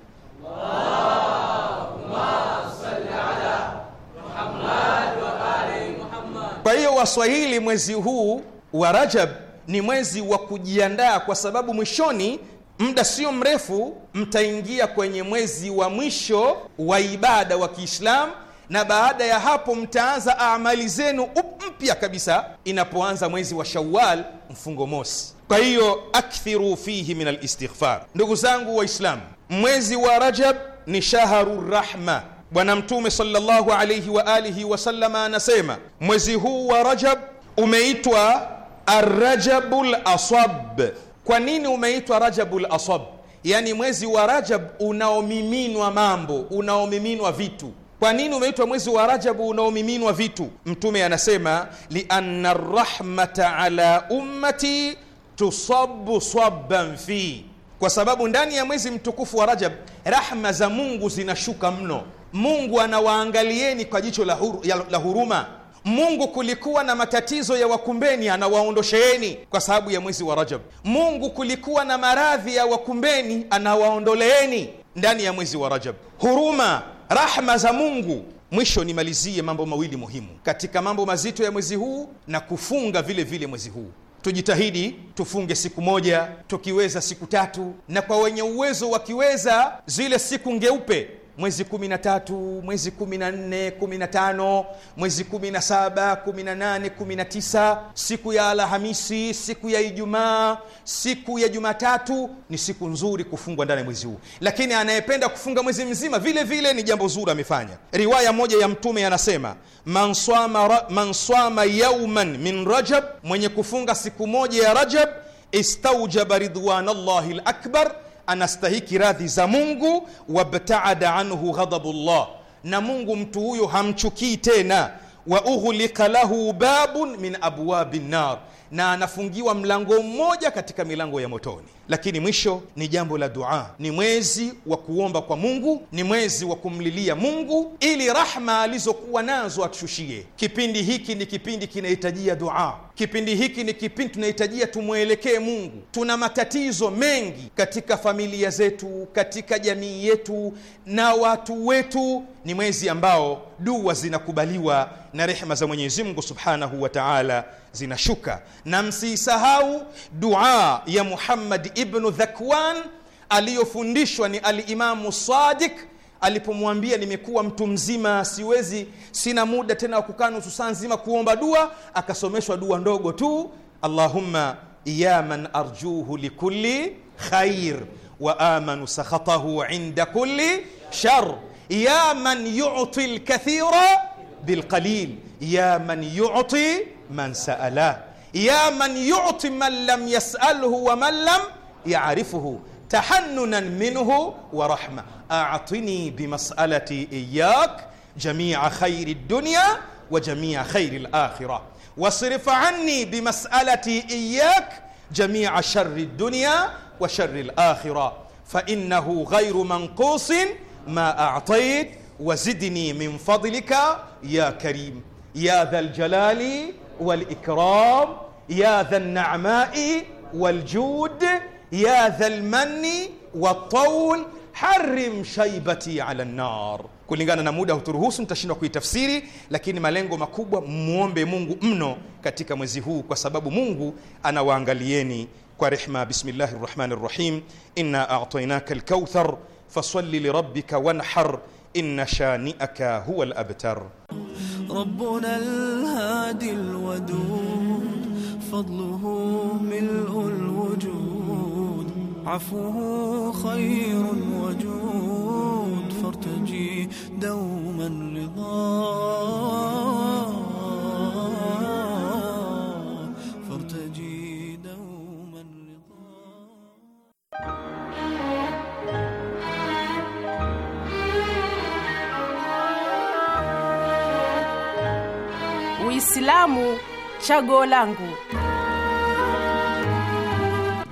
Kwa hiyo Waswahili, mwezi huu wa Rajab ni mwezi wa kujiandaa, kwa sababu mwishoni Muda sio mrefu mtaingia kwenye mwezi wa mwisho wa ibada wa Kiislamu, na baada ya hapo mtaanza amali zenu mpya kabisa inapoanza mwezi wa shawal mfungo mosi. Kwa hiyo akthiru fihi min alistighfar. Ndugu zangu Waislamu, mwezi wa Rajab ni shaharu rahma. Bwana Mtume sallallahu alayhi wa alihi wasallama anasema mwezi huu wa Rajab umeitwa arrajabul asab kwa nini umeitwa Rajabul Asab? Yaani mwezi wa Rajab unaomiminwa mambo, unaomiminwa vitu. Kwa nini umeitwa mwezi wa Rajabu unaomiminwa vitu? Mtume anasema lianna rahmata ala ummati tusabu swaban fi, kwa sababu ndani ya mwezi mtukufu wa Rajab rahma za Mungu zinashuka mno. Mungu anawaangalieni kwa jicho la huruma. Mungu kulikuwa na matatizo ya wakumbeni, anawaondosheeni kwa sababu ya mwezi wa Rajab. Mungu kulikuwa na maradhi ya wakumbeni, anawaondoleeni ndani ya mwezi wa Rajab. Huruma, rahma za Mungu. Mwisho nimalizie mambo mawili muhimu katika mambo mazito ya mwezi huu na kufunga vile vile mwezi huu Tujitahidi tufunge siku moja, tukiweza siku tatu, na kwa wenye uwezo wakiweza zile siku ngeupe mwezi tatu, mwezi na tano, mwezi kumi na tisa, siku ya alhamisi siku ya ijumaa siku ya jumatatu ni siku nzuri kufungwa ndani ya mwezi huu lakini anayependa kufunga mwezi mzima vile vile ni jambo zuri amefanya riwaya moja ya mtume anasema man swama, yauman min rajab mwenye kufunga siku moja ya rajab istaujaba ridwana lakbar anastahiki radhi za mungu wabtaada anhu ghadhabu llah na mungu mtu huyo hamchukii tena wa ughlika lahu babun min abwabi nar na anafungiwa mlango mmoja katika milango ya motoni. Lakini mwisho ni jambo la dua, ni mwezi wa kuomba kwa Mungu, ni mwezi wa kumlilia Mungu ili rahma alizokuwa nazo atushushie. Kipindi hiki ni kipindi kinahitajia dua, kipindi hiki ni kipindi tunahitajia tumwelekee Mungu. Tuna matatizo mengi katika familia zetu, katika jamii yetu na watu wetu. Ni mwezi ambao dua zinakubaliwa na rehma za Mwenyezi Mungu subhanahu wa taala zinashuka na msiisahau dua ya muhammad ibnu dhakwan aliyofundishwa ni alimamu sadik alipomwambia nimekuwa mtu mzima siwezi sina muda tena wa kukaa nusu saa nzima kuomba dua akasomeshwa dua ndogo tu allahumma ya man arjuhu likulli khair wa amanu sakhatahu inda kulli shar ya man yuti lkathira bilqalil ya man yuti من سألاه يا من يعطي من لم يسأله ومن لم يعرفه تحننا منه ورحمة أعطني بمسألتي إياك جميع خير الدنيا وجميع خير الآخرة واصرف عني بمسألتي إياك جميع شر الدنيا وشر الآخرة فإنه غير منقوص ما أعطيت وزدني من فضلك يا كريم يا ذا الجلال والإكرام يا ذا النعماء والجود يا ذا المن والطول harim shaibati ala nar. Kulingana na muda huturuhusu, nitashindwa kuitafsiri, lakini malengo makubwa, muombe Mungu mno katika mwezi huu, kwa sababu Mungu anawaangalieni kwa rehma. Bismillahi rrahmani rrahim, inna atainaka lkauthar fasalli lirabbika wanhar inna shaniaka huwa labtar. ربنا الهادي الودود فضله ملء الوجود عفوه خير وجود فارتجي دوما رضاه Uislamu chaguo langu.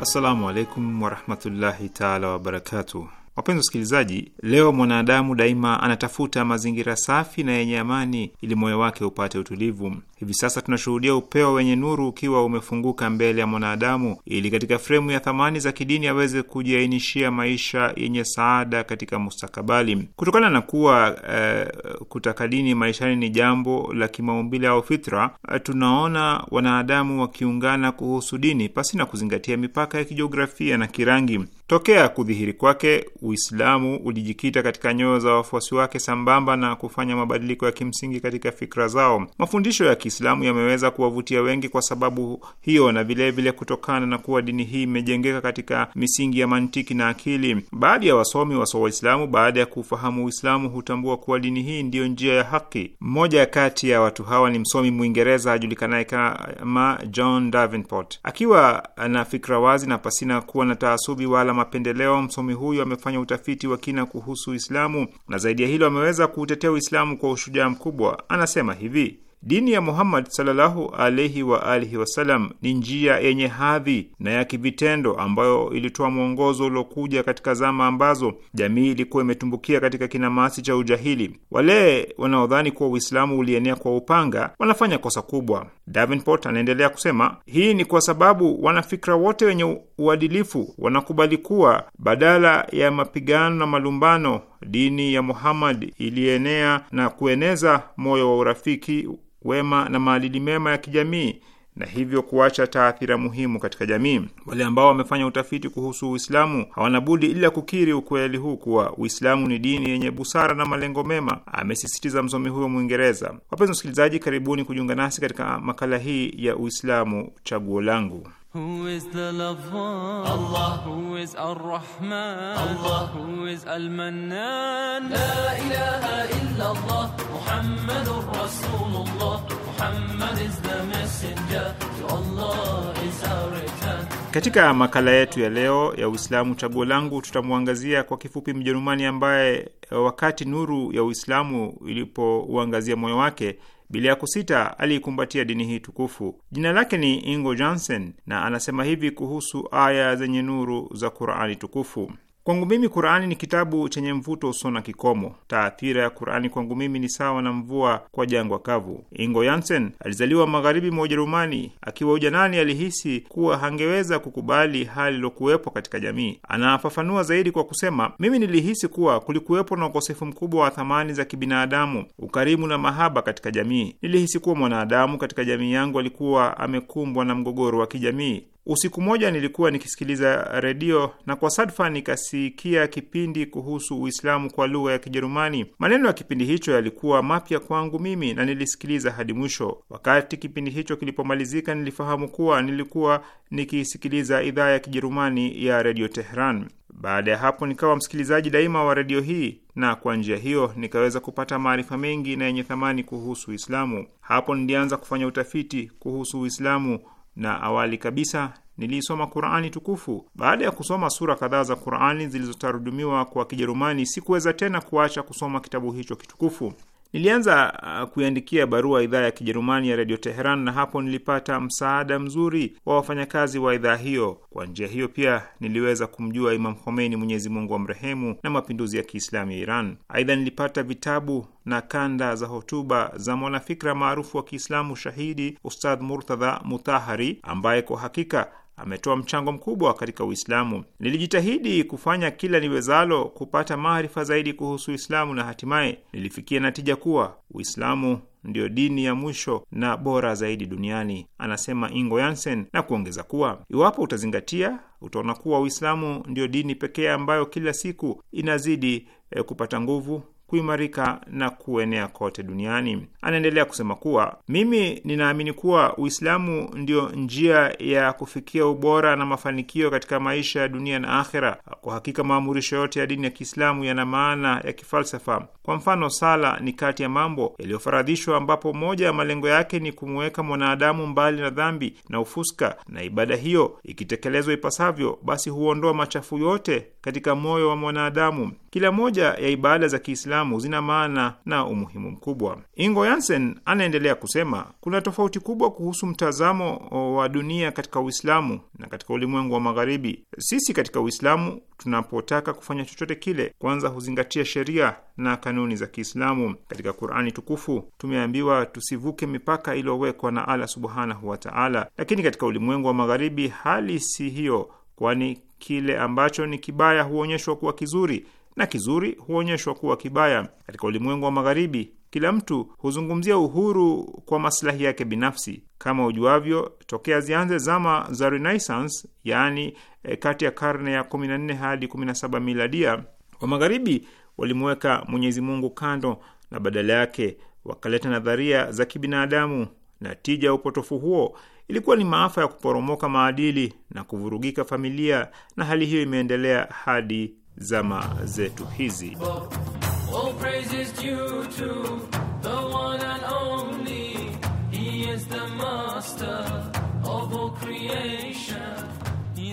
Assalamu alaikum warahmatullahi taala wabarakatuh. Wapenzi wasikilizaji, leo mwanadamu daima anatafuta mazingira safi na yenye amani ili moyo wake upate utulivu. Hivi sasa tunashuhudia upeo wenye nuru ukiwa umefunguka mbele ya mwanadamu, ili katika fremu ya thamani za kidini aweze kujiainishia maisha yenye saada katika mustakabali. Kutokana na kuwa eh, kutaka dini maishani ni jambo la kimaumbile au fitra, eh, tunaona wanadamu wakiungana kuhusu dini pasina kuzingatia mipaka ya kijiografia na kirangi. Tokea kudhihiri kwake Uislamu ulijikita katika nyoyo za wafuasi wake sambamba na kufanya mabadiliko ya kimsingi katika fikra zao. Mafundisho ya Kiislamu yameweza kuwavutia wengi kwa sababu hiyo, na vilevile vile kutokana na kuwa dini hii imejengeka katika misingi ya mantiki na akili. Baadhi ya wasomi waso Waislamu, baada ya kuufahamu Uislamu, hutambua kuwa dini hii ndiyo njia ya haki. Mmoja kati ya watu hawa ni msomi Mwingereza ajulikanaye kama John Davenport. Akiwa na fikra wazi na pasina kuwa na taasubi wala mapendeleo, msomi huyu amefanya utafiti wa kina kuhusu Uislamu na zaidi ya hilo ameweza kuutetea Uislamu kwa ushujaa mkubwa. Anasema hivi: Dini ya Muhammad sallallahu alaihi wa alihi wasallam ni njia yenye hadhi na ya kivitendo ambayo ilitoa mwongozo uliokuja katika zama ambazo jamii ilikuwa imetumbukia katika kinamasi cha ujahili. Wale wanaodhani kuwa Uislamu ulienea kwa upanga wanafanya kosa kubwa. Davenport anaendelea kusema, hii ni kwa sababu wanafikra wote wenye uadilifu. Wanakubali kuwa badala ya mapigano na malumbano, dini ya Muhammad ilienea na kueneza moyo wa urafiki, wema na maadili mema ya kijamii na hivyo kuacha taathira muhimu katika jamii. Wale ambao wamefanya utafiti kuhusu Uislamu hawana budi ila kukiri ukweli huu kuwa Uislamu ni dini yenye busara na malengo mema, amesisitiza msomi huyo Mwingereza. Wapenzi wasikilizaji, karibuni kujiunga nasi katika makala hii ya Uislamu Chaguo Langu. Who is the lover? Allah. Who is al rahman Allah. Who is Al-Mannan? La ilaha illallah. Muhammad Rasulullah. Muhammad is the messenger. To Allah is our return. Katika makala yetu ya leo ya Uislamu chaguo langu, tutamwangazia kwa kifupi Mjerumani ambaye eh, wakati nuru ya Uislamu ilipouangazia moyo wake bila ya kusita aliikumbatia dini hii tukufu. Jina lake ni Ingo Johnson na anasema hivi kuhusu aya zenye nuru za Qurani tukufu: Kwangu mimi Qurani ni kitabu chenye mvuto usio na kikomo. Taathira ya Qurani kwangu mimi ni sawa na mvua kwa jangwa kavu. Ingo yansen alizaliwa magharibi mwa Ujerumani. Akiwa ujanani, alihisi kuwa hangeweza kukubali hali iliokuwepo katika jamii. Anafafanua zaidi kwa kusema, mimi nilihisi kuwa kulikuwepo na ukosefu mkubwa wa thamani za kibinadamu, ukarimu na mahaba katika jamii. Nilihisi kuwa mwanadamu katika jamii yangu alikuwa amekumbwa na mgogoro wa kijamii. Usiku moja nilikuwa nikisikiliza redio na kwa sadfa nikasikia kipindi kuhusu Uislamu kwa lugha ya Kijerumani. Maneno ya kipindi hicho yalikuwa mapya kwangu mimi na nilisikiliza hadi mwisho. Wakati kipindi hicho kilipomalizika, nilifahamu kuwa nilikuwa nikisikiliza idhaa ya Kijerumani ya redio Tehran. Baada ya hapo, nikawa msikilizaji daima wa redio hii na kwa njia hiyo nikaweza kupata maarifa mengi na yenye thamani kuhusu Uislamu. Hapo nilianza kufanya utafiti kuhusu Uislamu na awali kabisa niliisoma Qurani tukufu. Baada ya kusoma sura kadhaa za Qurani zilizotarudumiwa kwa Kijerumani, sikuweza tena kuacha kusoma kitabu hicho kitukufu. Nilianza uh, kuiandikia barua idhaa ya Kijerumani ya redio Teheran, na hapo nilipata msaada mzuri wa wafanyakazi wa idhaa hiyo. Kwa njia hiyo pia niliweza kumjua Imam Khomeini, Mwenyezi Mungu amrehemu, na mapinduzi ya Kiislamu ya Iran. Aidha, nilipata vitabu na kanda za hotuba za mwanafikra maarufu wa Kiislamu shahidi Ustadh Murtadha Mutahari ambaye kwa hakika ametoa mchango mkubwa katika Uislamu. Nilijitahidi kufanya kila niwezalo kupata maarifa zaidi kuhusu Uislamu na hatimaye nilifikia natija kuwa Uislamu ndiyo dini ya mwisho na bora zaidi duniani, anasema Ingo yansen na kuongeza kuwa iwapo utazingatia, utaona kuwa Uislamu ndiyo dini pekee ambayo kila siku inazidi eh, kupata nguvu kuimarika na kuenea kote duniani. Anaendelea kusema kuwa mimi ninaamini kuwa Uislamu ndio njia ya kufikia ubora na mafanikio katika maisha ya dunia na akhera. Kwa hakika maamurisho yote ya dini ya Kiislamu yana maana ya kifalsafa. Kwa mfano, sala ni kati ya mambo yaliyofaradhishwa, ambapo moja ya malengo yake ni kumuweka mwanadamu mbali na dhambi na ufuska, na ibada hiyo ikitekelezwa ipasavyo, basi huondoa machafu yote katika moyo wa mwanadamu. Kila moja ya ibada za Kiislamu Uislamu zina maana na umuhimu mkubwa. Ingo Jansen anaendelea kusema kuna tofauti kubwa kuhusu mtazamo wa dunia katika Uislamu na katika ulimwengu wa Magharibi. Sisi katika Uislamu tunapotaka kufanya chochote kile, kwanza huzingatia sheria na kanuni za Kiislamu. Katika Qurani tukufu tumeambiwa tusivuke mipaka iliyowekwa na Allah subhanahu wa taala, lakini katika ulimwengu wa Magharibi hali si hiyo, kwani kile ambacho ni kibaya huonyeshwa kuwa kizuri na kizuri huonyeshwa kuwa kibaya. Katika ulimwengu wa Magharibi, kila mtu huzungumzia uhuru kwa masilahi yake binafsi. Kama ujuavyo, tokea zianze zama za Renaissance, yaani e, kati ya karne ya 14 hadi 17 miladia, wa Magharibi walimuweka Mwenyezi Mungu kando na badala yake wakaleta nadharia za kibinadamu, na tija ya upotofu huo ilikuwa ni maafa ya kuporomoka maadili na kuvurugika familia, na hali hiyo imeendelea hadi zama zetu hizi.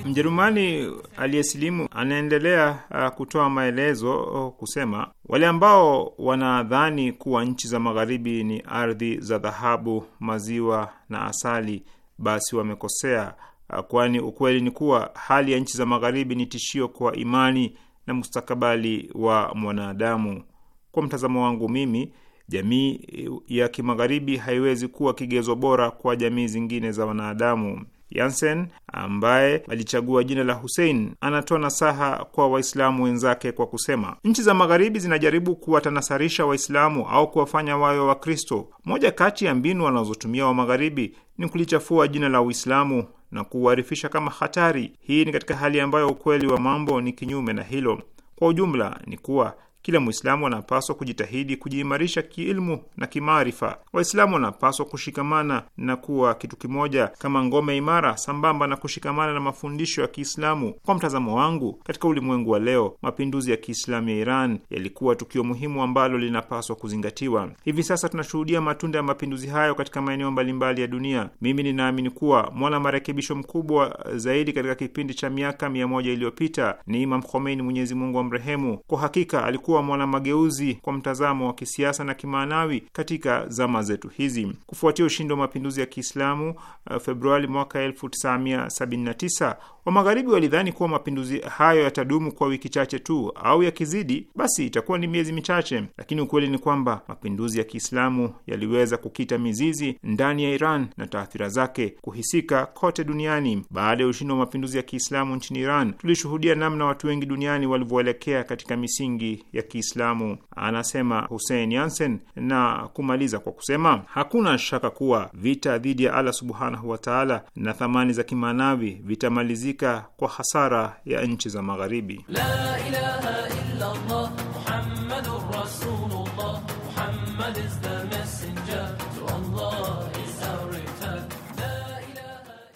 Mjerumani aliyesilimu anaendelea uh, kutoa maelezo uh, kusema, wale ambao wanadhani kuwa nchi za magharibi ni ardhi za dhahabu, maziwa na asali, basi wamekosea, uh, kwani ukweli ni kuwa hali ya nchi za magharibi ni tishio kwa imani na mustakabali wa mwanadamu. Kwa mtazamo wangu mimi, jamii ya kimagharibi haiwezi kuwa kigezo bora kwa jamii zingine za wanadamu. Yansen ambaye alichagua jina la Hussein anatoa nasaha kwa Waislamu wenzake kwa kusema, nchi za Magharibi zinajaribu kuwatanasarisha Waislamu au kuwafanya wawe Wakristo. Moja kati ya mbinu wanazotumia wa Magharibi ni kulichafua jina la Uislamu na kuuarifisha kama hatari. Hii ni katika hali ambayo ukweli wa mambo ni kinyume na hilo. Kwa ujumla ni kuwa kila Mwislamu anapaswa kujitahidi kujiimarisha kiilmu na kimaarifa. Waislamu wanapaswa kushikamana na kuwa kitu kimoja kama ngome imara, sambamba na kushikamana na mafundisho ya Kiislamu. Kwa mtazamo wangu, katika ulimwengu wa leo, mapinduzi ya Kiislamu ya Iran yalikuwa tukio muhimu ambalo linapaswa kuzingatiwa. Hivi sasa tunashuhudia matunda ya mapinduzi hayo katika maeneo mbalimbali ya dunia. Mimi ninaamini kuwa mwana marekebisho mkubwa zaidi katika kipindi cha miaka mia moja iliyopita ni Imam Khomeini, Mwenyezi Mungu amrehemu. Kwa hakika alikuwa kuwa mwanamageuzi kwa mtazamo wa kisiasa na kimaanawi katika zama zetu hizi. Kufuatia ushindi wa mapinduzi ya Kiislamu eh, Februari mwaka 1979 wa Magharibi walidhani kuwa mapinduzi hayo yatadumu kwa wiki chache tu au yakizidi basi itakuwa ni miezi michache, lakini ukweli ni kwamba mapinduzi ya Kiislamu yaliweza kukita mizizi ndani ya Iran na taathira zake kuhisika kote duniani. Baada ya ushindi wa mapinduzi ya Kiislamu nchini Iran, tulishuhudia namna watu wengi duniani walivyoelekea katika misingi ya Kiislamu, anasema Hussein Yansen, na kumaliza kwa kusema hakuna shaka kuwa vita dhidi ya Allah subhanahu wataala na thamani za kimaanavi vitamalizika kufaidika kwa hasara ya nchi za Magharibi. La ilaha illa Allah, Muhammadur Rasulullah, Muhammad is the messenger to Allah is our return. La ilaha...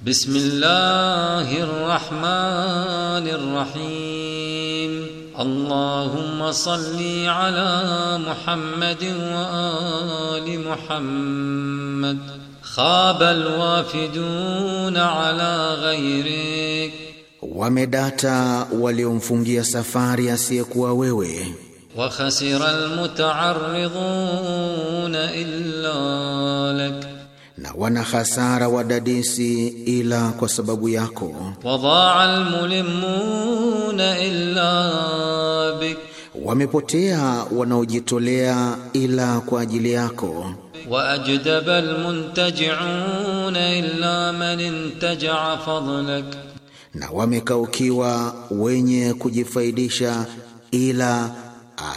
Bismillahir Rahmanir Rahim. Allahumma salli ala Muhammadin wa ali Muhammad خاب الوافدون على غيرك wamedata waliomfungia safari asiyekuwa wewe. Wa khasira almuta'arridun illa na wana hasara wadadisi ila kwa sababu yako. Wadaa almulimun illa bik, wamepotea wanaojitolea ila kwa ajili yako. وأجدب المنتجعون illa من انتجع فضلك na wamekaukiwa wenye kujifaidisha ila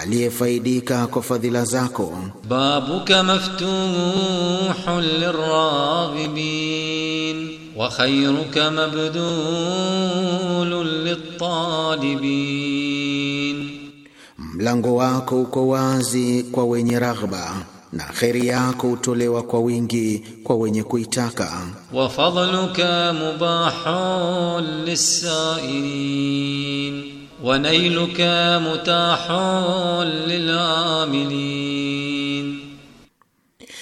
aliyefaidika kwa fadhila zako. babuka maftuhun liraghibin wa khayruka mabdulun mlango wako uko wazi kwa wenye raghba na kheri yako hutolewa kwa wingi kwa wenye kuitaka. wa fadluka mubahun lisailin wa nailuka mutahun lilamilin,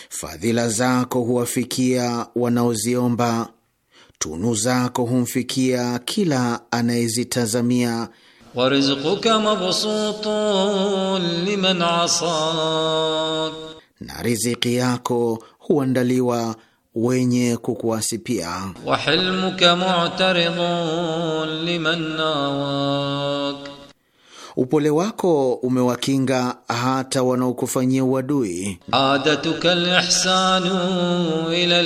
fadhila zako huwafikia wanaoziomba, tunu zako humfikia kila anayezitazamia wa rizquka mabsutun liman asad na riziki yako huandaliwa wenye kukuasipia. wa upole wako umewakinga hata wanaokufanyia uadui. adatuka ila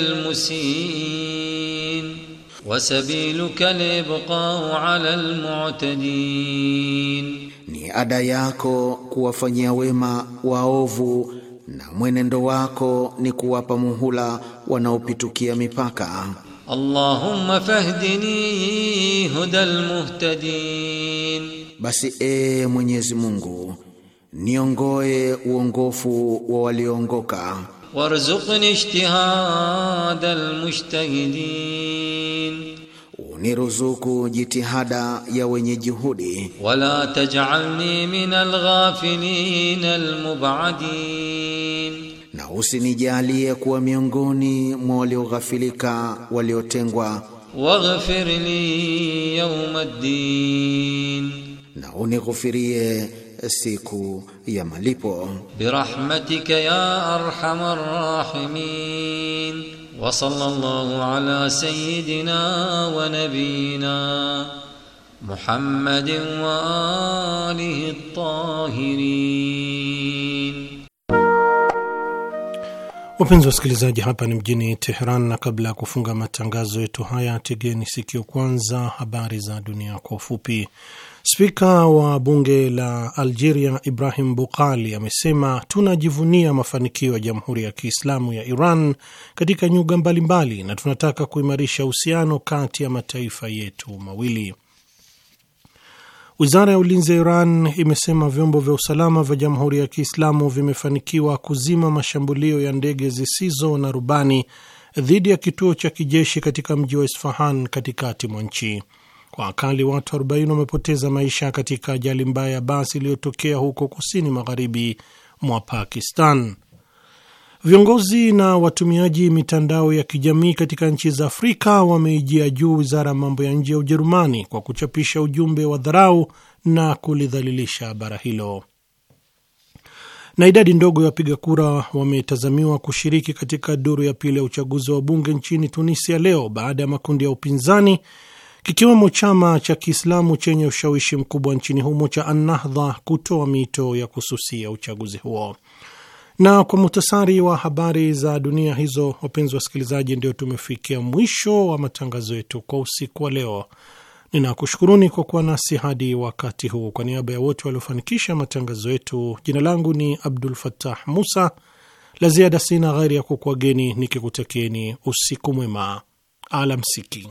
libqa'u ala ni ada yako kuwafanyia wema waovu na mwenendo wako ni kuwapa muhula wanaopitukia mipaka. Allahumma fahdini hudal muhtadin, basi ee Mwenyezi Mungu niongoe uongofu wa walioongoka. Warzuqni ijtihadal mujtahidin uniruzuku jitihada ya wenye juhudi. Wala tajalni min alghafilin almubadin, na usinijalie kuwa miongoni mwa walioghafilika waliotengwa. Waghfir li yawma ddin, na unighufirie siku ya malipo. Birahmatika ya arhamar rahimin وصلى الله على سيدنا ونبينا محمد وآله الطاهرين Wapenzi wasikilizaji, hapa ni mjini Teheran, na kabla ya kufunga matangazo yetu haya, tegeni sikio kwanza habari za dunia kwa ufupi. Spika wa bunge la Algeria Ibrahim Bukali amesema tunajivunia mafanikio ya Jamhuri ya Kiislamu ya Iran katika nyuga mbalimbali na tunataka kuimarisha uhusiano kati ya mataifa yetu mawili. Wizara ya ulinzi ya Iran imesema vyombo vya usalama vya Jamhuri ya Kiislamu vimefanikiwa kuzima mashambulio ya ndege zisizo na rubani dhidi ya kituo cha kijeshi katika mji wa Isfahan katikati mwa nchi kwa akali watu 40 wamepoteza maisha katika ajali mbaya ya basi iliyotokea huko kusini magharibi mwa Pakistan. Viongozi na watumiaji mitandao ya kijamii katika nchi za Afrika wameijia juu wizara ya mambo ya nje ya Ujerumani kwa kuchapisha ujumbe wa dharau na kulidhalilisha bara hilo. Na idadi ndogo ya wapiga kura wametazamiwa kushiriki katika duru ya pili ya uchaguzi wa bunge nchini Tunisia leo baada ya makundi ya upinzani kikiwemo chama cha Kiislamu chenye ushawishi mkubwa nchini humo cha Annahdha kutoa mito ya kususia uchaguzi huo. Na kwa muhtasari wa habari za dunia hizo, wapenzi wa wasikilizaji, ndio tumefikia mwisho wa matangazo yetu kwa usiku wa leo. Ninakushukuruni kwa kuwa nasi hadi wakati huu. Kwa niaba ya wote waliofanikisha matangazo yetu, jina langu ni Abdul Fattah Musa. La ziada sina ghairi ya kukuageni nikikutakieni usiku mwema, alamsiki.